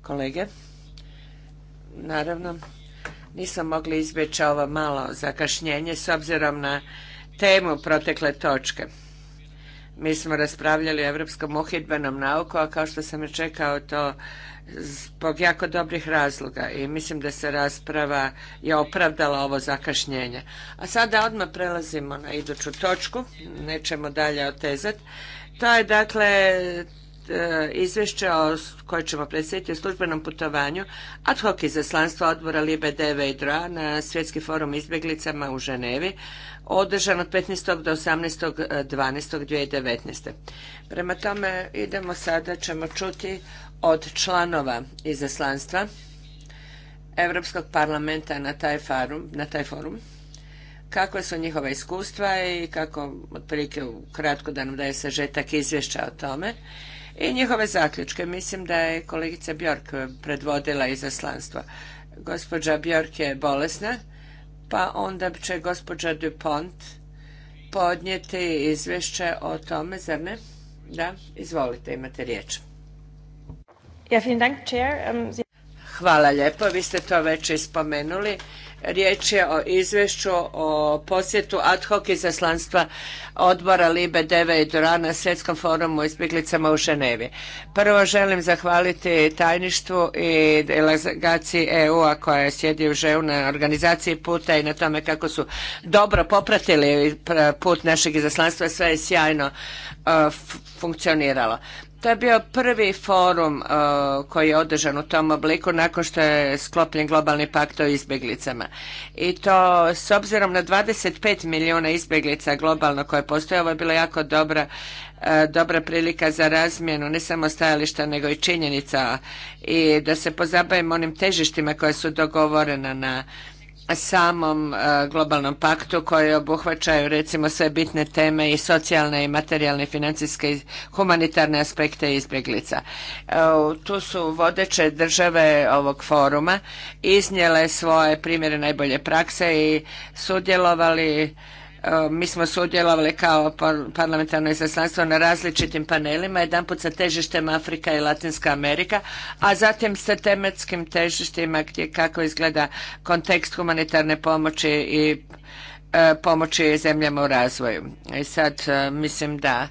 Kolege, naravno, nisam mogli izbjeći ovo malo zakašnjenje s obzirom na temu protekle točke. Mi smo raspravljali o Evropskom uhidbenom nauku, a kao što sam je čekao to zbog jako dobrih razloga i mislim da se rasprava je opravdala ovo zakašnjenje. A sada odmah prelazimo na iduću točku, nećemo dalje otezati. To je dakle E, izvješća koje ćemo predstaviti o službenom putovanju ad hoc izaslanstva odbora Libe Deve i Droa na Svjetski forum izbjeglicama u Ženevi održan od 15. do 18.12.2019. E, Prema tome idemo sada, ćemo čuti od članova izaslanstva Europskog parlamenta na taj, na taj forum kakva su njihova iskustva i kako otprilike kratko da nam daje sažetak izvješća o tome i njihove zaključke. Mislim da je kolegica Bjork predvodila izaslanstvo. Gospođa Bjork je bolesna, pa onda će gospođa Dupont podnijeti izvješće o tome, zar ne? Da, izvolite, imate riječ. Um, Hvala lijepo, vi ste to već ispomenuli Riječ je o izvješću o posjetu ad hoc izaslanstva odbora Libe Deve i Durana Svjetskom forumu o izbjeglicama u Ženevi. Prvo želim zahvaliti tajništvu i delegaciji EU-a koja je sjedi u ženu na organizaciji puta i na tome kako su dobro popratili put našeg izaslanstva. Sve je sjajno e, funkcioniralo. To je bio prvi forum uh, koji je održan u tom obliku nakon što je sklopljen globalni pakt o izbjeglicama. I to s obzirom na 25 milijuna izbjeglica globalno koje postoje, ovo je bila jako dobra uh, dobra prilika za razmjenu ne samo stajališta nego i činjenica i da se pozabavimo onim težištima koja su dogovorena na samom e, globalnom paktu koji obuhvaćaju recimo sve bitne teme i socijalne i materijalne, financijske i humanitarne aspekte izbjeglica. E, tu su vodeće države ovog foruma iznijele svoje primjere najbolje prakse i sudjelovali E, mi smo sudjelovali kao parlamentarno izaslanstvo na različitim panelima, jedanput sa težištem Afrika i Latinska Amerika, a zatim sa tematskim težištima gdje kako izgleda kontekst humanitarne pomoći i e, pomoći zemljama u razvoju. I e sad mislim da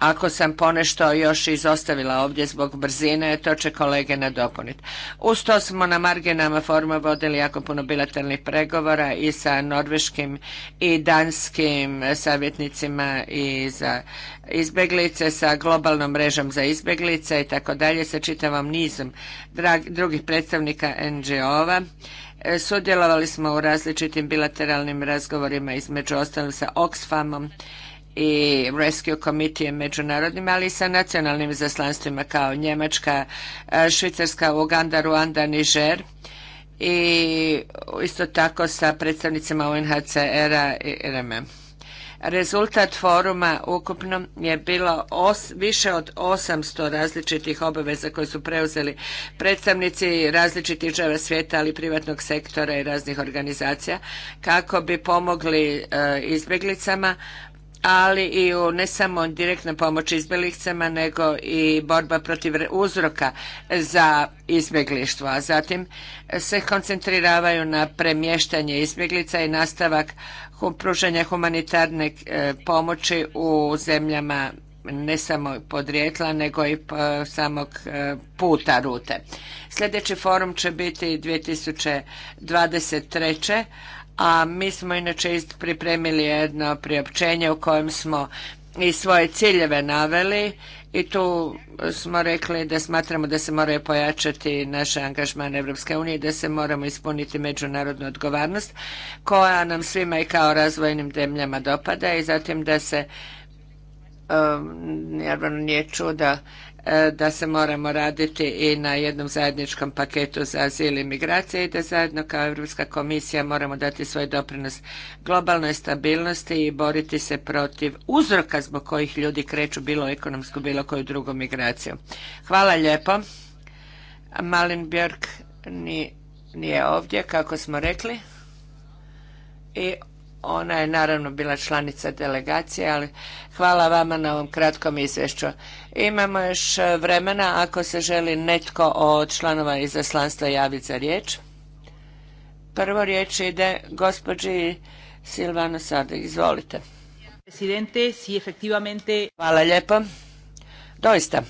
ako sam ponešto još izostavila ovdje zbog brzine, to će kolege nadopuniti. Uz to smo na marginama forma vodili jako puno bilateralnih pregovora i sa norveškim i danskim savjetnicima i za izbjeglice, sa globalnom mrežom za izbjeglice i tako dalje, sa čitavom nizom drugih predstavnika NGO-ova. E, sudjelovali smo u različitim bilateralnim razgovorima između ostalog sa Oxfamom, i Rescue Committee međunarodnim, ali i sa nacionalnim zaslanstvima kao Njemačka, e, Švicarska, Uganda, Ruanda, Niger i isto tako sa predstavnicima UNHCR-a i RMM. Rezultat foruma ukupno je bilo više od 800 različitih obaveza koje su preuzeli predstavnici različitih država svijeta, ali privatnog sektora i raznih organizacija kako bi pomogli e, izbjeglicama, ali i u ne samo direktna pomoć izbjeglicama nego i borba protiv uzroka za izbjeglištvo. A zatim se koncentriravaju na premještanje izbjeglica i nastavak pružanja humanitarne e, pomoći u zemljama ne samo podrijetla nego i samog e, puta rute. Sljedeći forum će biti 2023 a mi smo inače pripremili jedno priopćenje u kojem smo i svoje ciljeve naveli i tu smo rekli da smatramo da se moraju pojačati naše angažman Evropske unije i da se moramo ispuniti međunarodnu odgovornost koja nam svima i kao razvojnim zemljama dopada i zatim da se um, nije čuda E, da se moramo raditi i na jednom zajedničkom paketu za azil i migracije i da zajedno kao Europska komisija moramo dati svoj doprinos globalnoj stabilnosti i boriti se protiv uzroka zbog kojih ljudi kreću bilo ekonomsku, bilo koju drugu migraciju. Hvala lijepo. Malin Björk nije ovdje, kako smo rekli. I ona je naravno bila članica delegacije, ali hvala vama na ovom kratkom izvješću. Imamo još vremena ako se želi netko od članova izaslanstva javiti za riječ. Prvo riječ ide gospođi Silvano Sada. Izvolite. Hvala lijepo. Doista.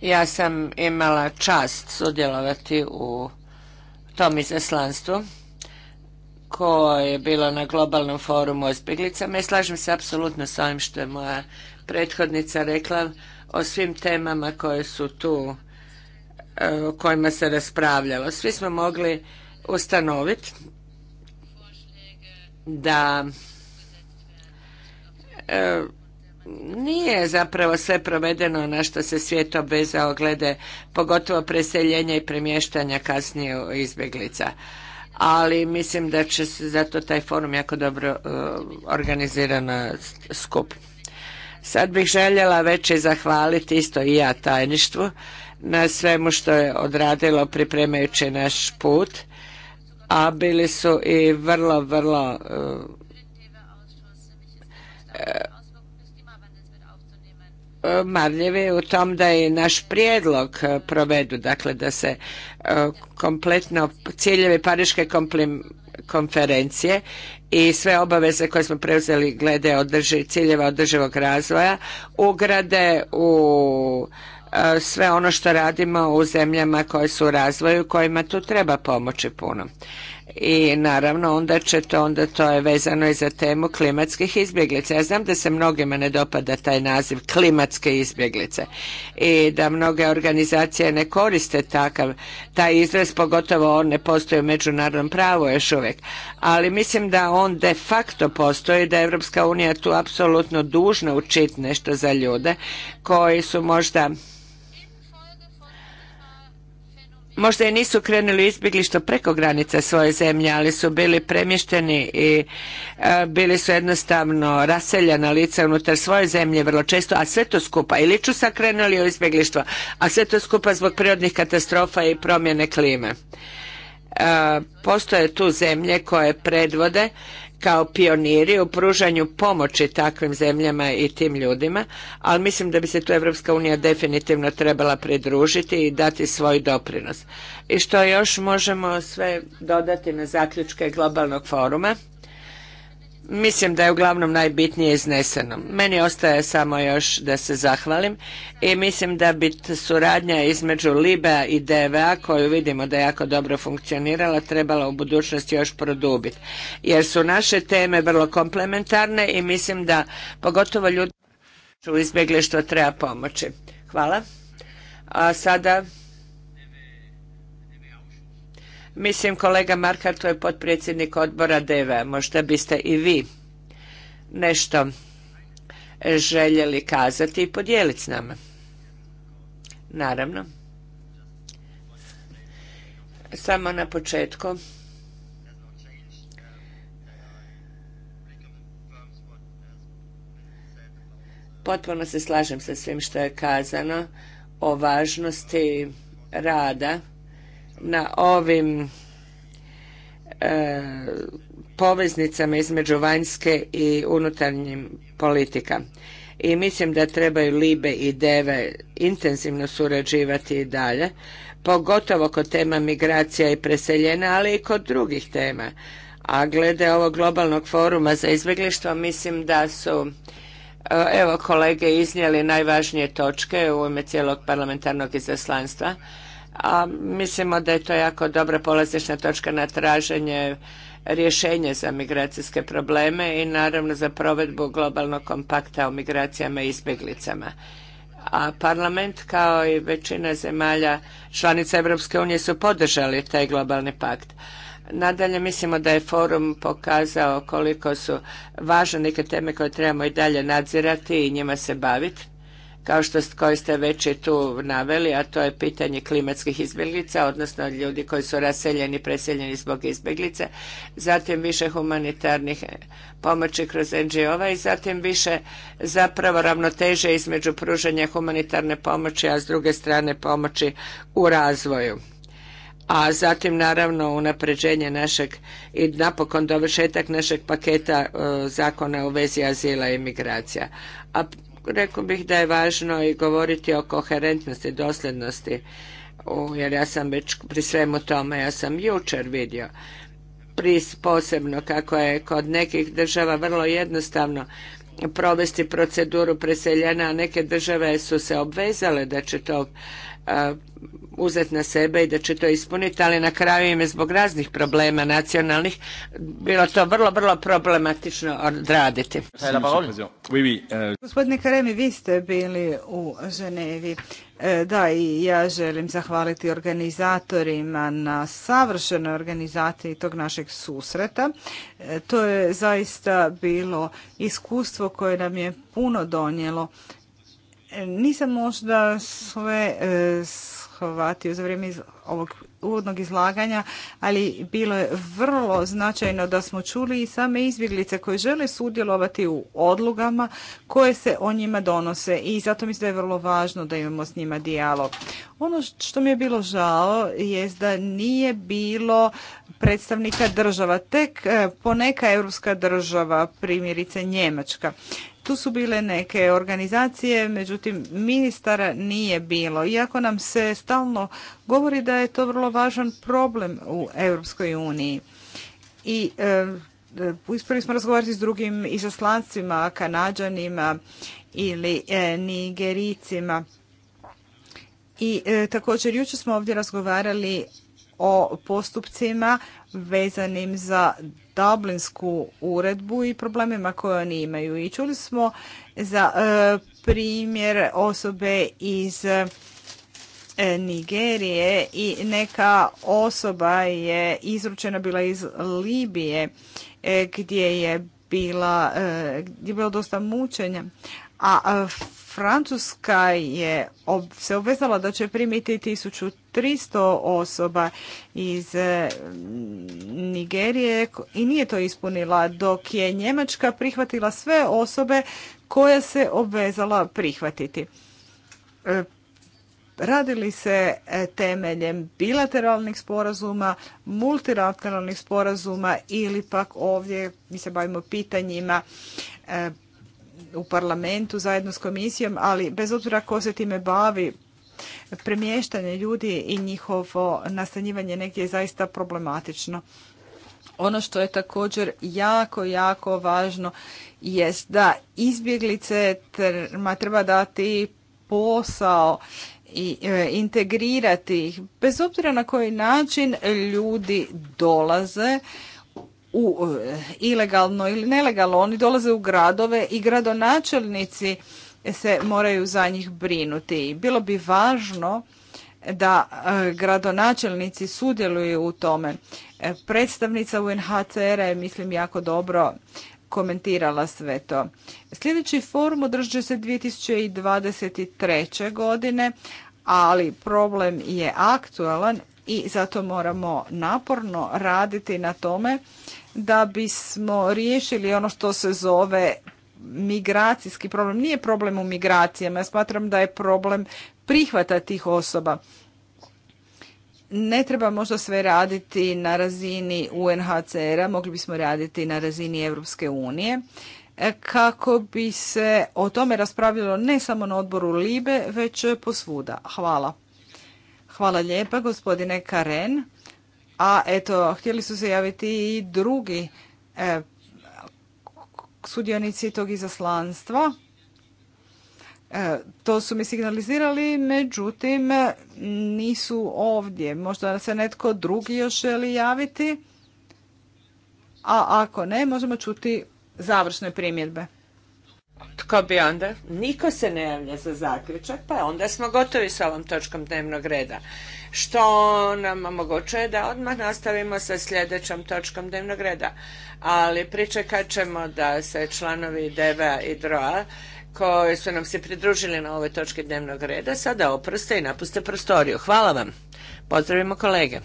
Ja sam imala čast sudjelovati u tom izaslanstvu koje je bilo na globalnom forumu o izbjeglicama i slažem se apsolutno s ovim što je moja prethodnica rekla o svim temama koje su tu, e, o kojima se raspravljalo. Svi smo mogli ustanoviti da e, nije zapravo sve provedeno na što se svijet obvezao glede pogotovo preseljenja i premještanja kasnije izbjeglica ali mislim da će se zato taj forum jako dobro e, organizirana skup. Sad bih željela već i zahvaliti isto i ja tajništvu na svemu što je odradilo pripremajući naš put, a bili su i vrlo, vrlo e, E, marljivi u tom da i naš prijedlog e, provedu, dakle da se e, kompletno ciljevi Pariške konferencije i sve obaveze koje smo preuzeli glede ciljeva održivog razvoja ugrade u sve ono što radimo u zemljama koje su u razvoju kojima tu treba pomoći puno i naravno onda će to, onda to je vezano i za temu klimatskih izbjeglica. Ja znam da se mnogima ne dopada taj naziv klimatske izbjeglice i da mnoge organizacije ne koriste takav, taj izraz, pogotovo on ne postoji u međunarodnom pravu još uvijek. Ali mislim da on de facto postoji, da je Evropska unija tu apsolutno dužna učiti nešto za ljude koji su možda možda i nisu krenuli izbjeglištvo preko granica svoje zemlje, ali su bili premješteni i e, bili su jednostavno raseljena lica unutar svoje zemlje vrlo često, a sve to skupa. Ili ću sa krenuli u izbjeglištvo, a sve to skupa zbog prirodnih katastrofa i promjene klime. E, postoje tu zemlje koje predvode kao pioniri u pružanju pomoći takvim zemljama i tim ljudima, ali mislim da bi se tu EU unija definitivno trebala pridružiti i dati svoj doprinos. I što još možemo sve dodati na zaključke globalnog foruma? Mislim da je uglavnom najbitnije izneseno. Meni ostaje samo još da se zahvalim i mislim da bi suradnja između liba i DVA koju vidimo da je jako dobro funkcionirala trebala u budućnosti još produbiti. Jer su naše teme vrlo komplementarne i mislim da pogotovo ljudi u što treba pomoći. Hvala. A sada Mislim kolega to je potpredsjednik odbora DEVA. Možda biste i vi nešto željeli kazati i podijeliti s nama. Naravno. Samo na početku. Potpuno se slažem sa svim što je kazano o važnosti rada na ovim e, poveznicama između vanjske i unutarnjih politika. I mislim da trebaju Libe i Deve intenzivno surađivati i dalje, pogotovo kod tema migracija i preseljena, ali i kod drugih tema. A glede ovog globalnog foruma za izbjeglištvo, mislim da su e, evo kolege iznijeli najvažnije točke u ime cijelog parlamentarnog izaslanstva a mislimo da je to jako dobra polazišna točka na traženje rješenje za migracijske probleme i naravno za provedbu globalnog kompakta o migracijama i izbjeglicama. A parlament kao i većina zemalja članica Europske unije su podržali taj globalni pakt. Nadalje mislimo da je forum pokazao koliko su važne neke teme koje trebamo i dalje nadzirati i njima se baviti kao što koje ste već i tu naveli, a to je pitanje klimatskih izbjeglica, odnosno ljudi koji su raseljeni, preseljeni zbog izbjeglica. zatim više humanitarnih pomoći kroz ngo i zatim više zapravo ravnoteže između pružanja humanitarne pomoći, a s druge strane pomoći u razvoju a zatim naravno unapređenje našeg i napokon dovršetak našeg paketa e, zakona u vezi azila i migracija. A rekao bih da je važno i govoriti o koherentnosti, dosljednosti, jer ja sam već pri svemu tome, ja sam jučer vidio pris posebno kako je kod nekih država vrlo jednostavno provesti proceduru preseljena, a neke države su se obvezale da će to uzeti na sebe i da će to ispuniti, ali na kraju im je zbog raznih problema nacionalnih bilo to vrlo, vrlo problematično odraditi. Euh, Gospodine Karemi, vi ste bili u Ženevi. E, da, i ja želim zahvaliti organizatorima na savršenoj organizaciji tog našeg susreta. E, to je zaista bilo iskustvo koje nam je puno donijelo nisam možda sve e, shvatio za vrijeme ovog uvodnog izlaganja, ali bilo je vrlo značajno da smo čuli i same izbjeglice koje žele sudjelovati u odlugama koje se o njima donose i zato mislim da je vrlo važno da imamo s njima dijalog. Ono što mi je bilo žao je da nije bilo predstavnika država, tek e, poneka europska država, primjerice Njemačka. Tu su bile neke organizacije, međutim ministara nije bilo. Iako nam se stalno govori da je to vrlo važan problem u Europskoj uniji. I e, e, uspjeli smo razgovarati s drugim izaslancima, kanadžanima ili e, nigericima. I također jučer smo ovdje razgovarali o postupcima vezanim za Dublinsku uredbu i problemima koje oni imaju. I čuli smo za e, primjer osobe iz e, Nigerije i neka osoba je izručena bila iz Libije e, gdje je bila, gdje je bilo dosta mučenja. A Francuska je se obvezala da će primiti tisuću 300 osoba iz eh, Nigerije i nije to ispunila dok je Njemačka prihvatila sve osobe koje se obvezala prihvatiti. Eh, radili se eh, temeljem bilateralnih sporazuma, multilateralnih sporazuma ili pak ovdje mi se bavimo pitanjima u parlamentu zajedno s komisijom, ali bez obzira ko se time bavi, premještanje ljudi i njihovo nastanjivanje negdje je zaista problematično. Ono što je također jako, jako važno jest da izbjeglice treba dati posao i e, integrirati ih. Bez obzira na koji način ljudi dolaze u e, ilegalno ili nelegalno, oni dolaze u gradove i gradonačelnici se moraju za njih brinuti. Bilo bi važno da e, gradonačelnici sudjeluju u tome. E, predstavnica unhcr je, mislim, jako dobro komentirala sve to. Sljedeći forum održat se 2023. godine, ali problem je aktualan i zato moramo naporno raditi na tome da bismo riješili ono što se zove migracijski problem. Nije problem u migracijama. Ja smatram da je problem prihvata tih osoba. Ne treba možda sve raditi na razini UNHCR-a, mogli bismo raditi na razini Europske unije e, kako bi se o tome raspravljalo ne samo na odboru Libe, već posvuda. Hvala. Hvala lijepa, gospodine Karen. A eto, htjeli su se javiti i drugi e, sudionici tog izaslanstva. E, to su mi signalizirali, međutim nisu ovdje. Možda se netko drugi još želi javiti, a ako ne, možemo čuti završne primjedbe. Tko bi onda? Niko se ne javlja za zaključak, pa onda smo gotovi s ovom točkom dnevnog reda. Što nam omogućuje da odmah nastavimo sa sljedećom točkom dnevnog reda. Ali pričekat ćemo da se članovi dva i DROA koji su nam se pridružili na ovoj točki dnevnog reda sada oproste i napuste prostoriju. Hvala vam. Pozdravimo kolege.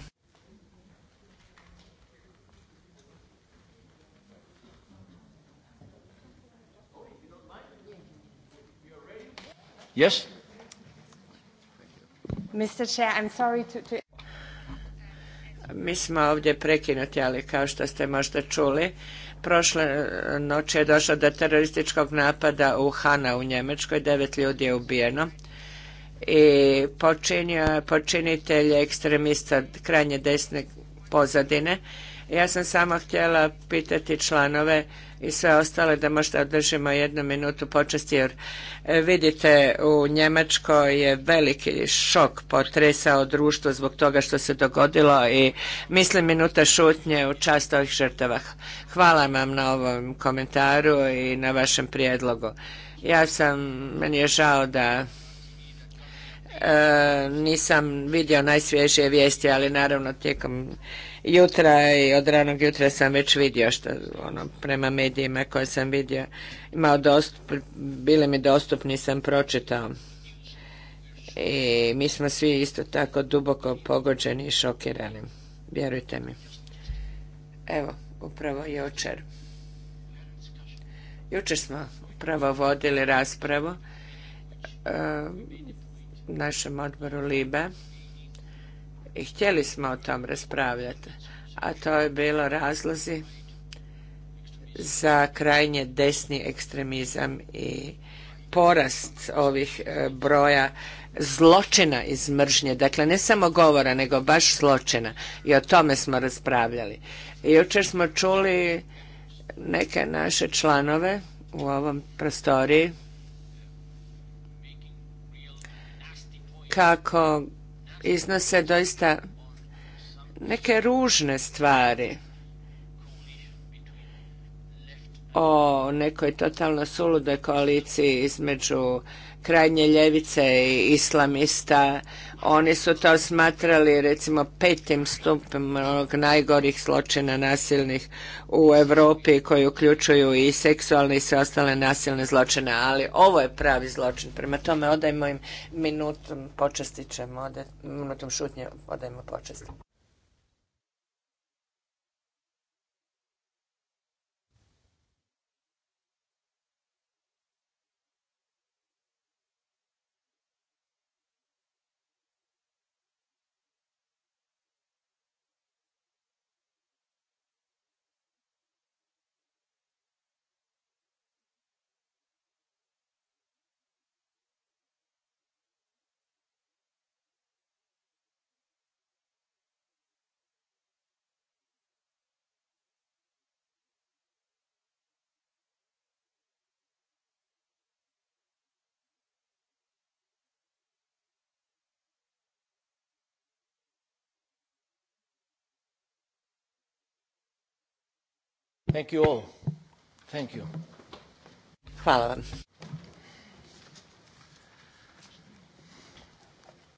Yes? Mi smo ovdje prekinuti, ali kao što ste možda čuli, prošle noći je došlo do terorističkog napada u Hana u Njemačkoj, devet ljudi je ubijeno i počinitelj je ekstremista krajnje desne pozadine ja sam samo htjela pitati članove i sve ostale da možda održimo jednu minutu počasti jer e, vidite u Njemačkoj je veliki šok potresao društvo zbog toga što se dogodilo i mislim minuta šutnje u čast ovih žrtava. Hvala vam na ovom komentaru i na vašem prijedlogu. Ja sam, meni je žao da e, nisam vidio najsvježije vijesti, ali naravno tijekom jutra i od ranog jutra sam već vidio što ono prema medijima koje sam vidio imao bili mi dostupni sam pročitao i mi smo svi isto tako duboko pogođeni i šokirani vjerujte mi evo upravo jučer jučer smo upravo vodili raspravu e, našem odboru Libe i htjeli smo o tom raspravljati, a to je bilo razlozi za krajnje desni ekstremizam i porast ovih e, broja zločina iz mržnje, dakle ne samo govora, nego baš zločina i o tome smo raspravljali. I jučer smo čuli neke naše članove u ovom prostoriji kako iznose doista neke ružne stvari o nekoj totalno suludoj koaliciji između krajnje ljevice i islamista, oni su to smatrali recimo petim stupom najgorih zločina nasilnih u Europi koji uključuju i seksualne i sve ostale nasilne zločine, ali ovo je pravi zločin. Prema tome odajmo im minutom počestit ćemo, minutom šutnje odajmo počestit. Thank you all. Thank you. Hvala vam.